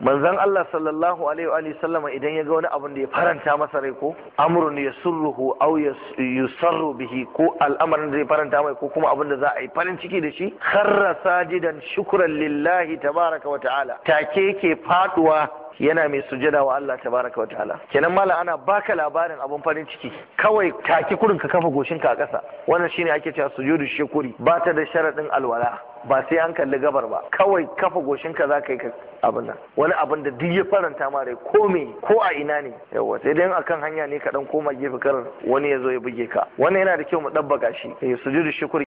manzon Allah sallallahu alaihi wa sallama idan ya ga wani abin da ya faranta masa rai ko amrun yasurruhu aw yusarru bihi ko al'amarin da ya faranta mai ko kuma abin da za a yi farin ciki da shi kharra sajidan shukran lillahi tabaraka wa ta'ala take yake faduwa yana mai sujada wa Allah tabaraka wa ta'ala kenan mala ana baka labarin abun farin ciki kawai taki kurin ka kafa goshinka a ƙasa wannan shine ake cewa sujudu shukuri ba ta da sharadin alwala ba sai an kalli gabar ba kawai kafa goshinka za ka yi abin nan wani abin da duk ya faranta ma rai ko me ko a ina ne yawa sai dai akan hanya ne ka dan koma gefe karin wani ya zo ya buge ka wannan yana da kyau mu dabbaka shi eh, sujudu shukuri